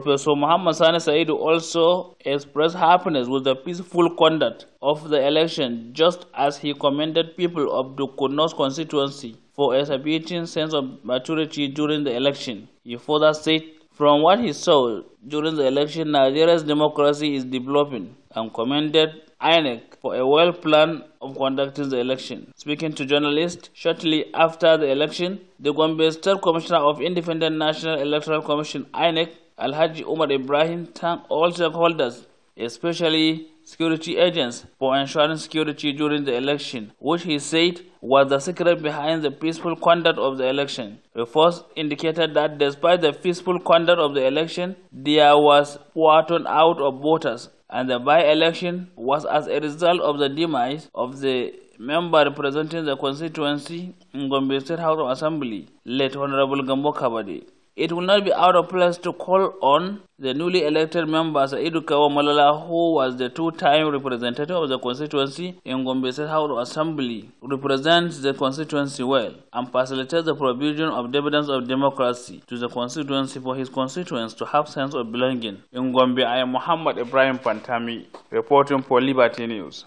Professor Muhammad Sani Said also expressed happiness with the peaceful conduct of the election, just as he commended people of the Dukunos constituency for exhibiting sense of maturity during the election. He further said, from what he saw during the election, Nigeria's democracy is developing and commended INEC for a well plan of conducting the election. Speaking to journalists shortly after the election, the Gombe State Commissioner of Independent National Electoral Commission INEC Alhaji Umar Ibrahim thanked all stakeholders, especially security agents, for ensuring security during the election, which he said was the secret behind the peaceful conduct of the election. Reports indicated that despite the peaceful conduct of the election, there was poor turnout of voters, and the by-election was as a result of the demise of the member representing the constituency in Gombe State House of Assembly, late Honorable Gambo Kabadi. It will not be out of place to call on the newly elected members Edukawa Malala, who was the two-time representative of the constituency in Gombe State House Assembly, represents the constituency well and facilitates the provision of dividends of democracy to the constituency for his constituents to have sense of belonging. In Gombe, I am Muhammad Ibrahim Pantami, reporting for Liberty News.